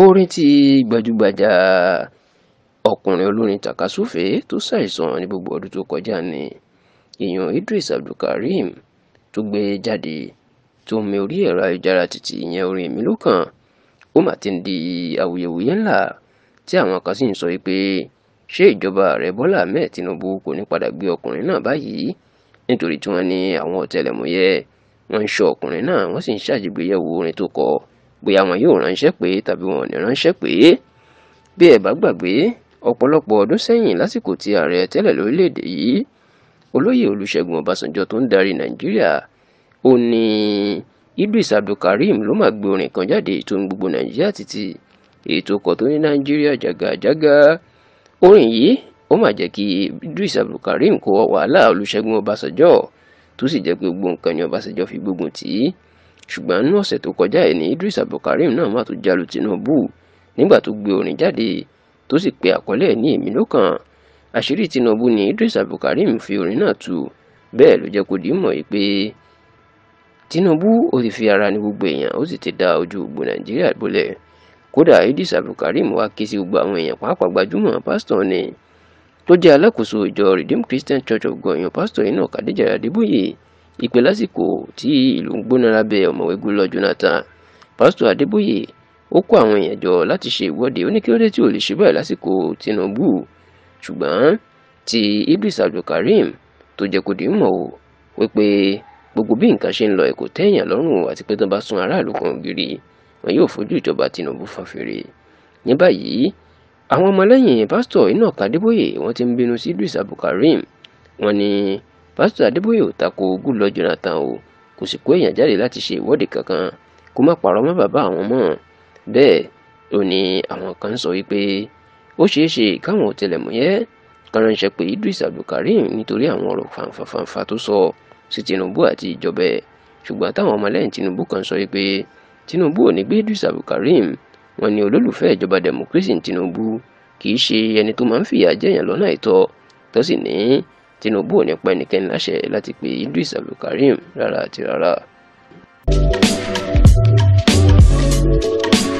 orin tí gbajúgbajà ọkùnrin olórin takasúfè tó ṣàìsàn ní gbogbo ọdún tó kọjá ni èèyàn Idris Abdulkareem tó gbé e jáde tó mi orí ẹ̀rọ ayélujára títí ìyẹn orin mi ló kàn ó mà ti ń di awuyewuye ńlá tí àwọn kan sì ń sọ pé ṣé ìjọba ààrẹ Bọ́lá Ahmed Tinubu kò ní padà gbé ọkùnrin náà báyìí nítorí tí wọ́n ní àwọn ọ̀tẹlẹ̀múyẹ́ wọ́n ń ṣọ́ ọkùnrin náà wọ́n sì ń ṣàjẹgbéyẹ̀wò orin tó kọ bóyá wọn yóò ránṣẹ́ pé tàbí wọn ò ní ránṣẹ́ pé bí ẹ bá gbàgbé ọ̀pọ̀lọpọ̀ ọdún sẹ́yìn lásìkò tí ààrẹ tẹ́lẹ̀ lórílẹ̀‐èdè yìí olóyè olùṣègùn ọbásanjọ́ tó ń darí nàìjíríà ó ní idris abdulkareem ló máa gbé orin kan jáde tó ń gbogbo nàìjíríà títí ètò ọkọ̀ tó ní nàìjíríà jàgàjàgà orin yìí ó máa jẹ́ kí idris abdulkareem kó wàhálà olùṣègùn ọbásanjọ́ tó sì jẹ́ pé gbogbo nǹkan ni ọbásanjọ́ fi gbógun tì í ṣùgbọ́n nínú ọ̀sẹ̀ tó kọjá yìí ni Idris Abdulkareem náà má tó jalu Tinubu nígbà tó gbé orin jáde tó sì pe àkọlé ẹ̀ ní èmi lọ́kàn àṣírí Tinubu ni Idris Abdulkareem fi orin náà tú bẹ́ẹ̀ ló jẹ́ kó dìímọ̀ yìí pé Tinubu ó ti fi ara ní gbogbo èèyàn ó sì ti da ojú gbogbo Nàìjíríà bolẹ̀ kódà Idris Abdulkareem wá ké sí gbogbo àwọn èèyàn pàápàá gbajúmọ̀ pásítọ̀ ni tó jẹ́ alákòóso ìjọ Redeemed Christian Church of God yan pásítọ̀ iná Kàdéjà Adébóyè ìpè lásìkò tí ìlú ń gbóná lábẹ́ ọ̀mọ̀wé Goodluck Jonathan pásítọ̀ Adébóyè ó kó àwọn èèyàn jọ láti ṣe ìwọ́de oníkílódé tí ò lè ṣe báyìí lásìkò Tinubu ṣùgbọ́n ti Idris Abdulkareem tó jẹ́ kó di mọ̀ o wípé gbogbo bí nǹkan ṣe ń lọ ẹ̀kọ́ tẹ́yàn lọ́rùn àti pé tán bá sun aráàlú kan ògiri wọn yóò fojú ìjọba Tinubu fàfèrè ní báyìí àwọn ọmọlẹ́yìn pásítọ̀ Enoch Adébóyè wọ́n ti ń bínú sí Idris Abdulkareem wọ́n ní pásítọ̀ adébóyè ò tako Goodluck Jonathan o kò sì kó èèyàn jáde láti ṣe ìwọ́de kankan kó má parọ́ mọ́ bàbá àwọn mọ́ bẹ́ẹ̀ ó ní àwọn kan sọ wípé ó ṣeé ṣe káwọn ọ̀tẹlẹ̀múyẹ́ kan ránṣẹ́ pé Idris Abdulkareem nítorí àwọn ọ̀rọ̀ fàǹfàǹfà tó sọ sí Tinubu àti ìjọba ẹ̀ ṣùgbọ́n táwọn ọmọlẹ́yìn Tinubu kan sọ wípé Tinubu ò ní gbé Idris Abdulkareem wọ́n ní olólùfẹ́ ìjọba democracy Tinubu kì í ṣe ẹni tó máa ń fìyà jẹyàn lọ́nà àìtọ́ tó sì ní Tinubu ò ní pa ẹnikẹ́ni láṣẹ láti pe Idris Abdulkareem rárá àti rárá. thank you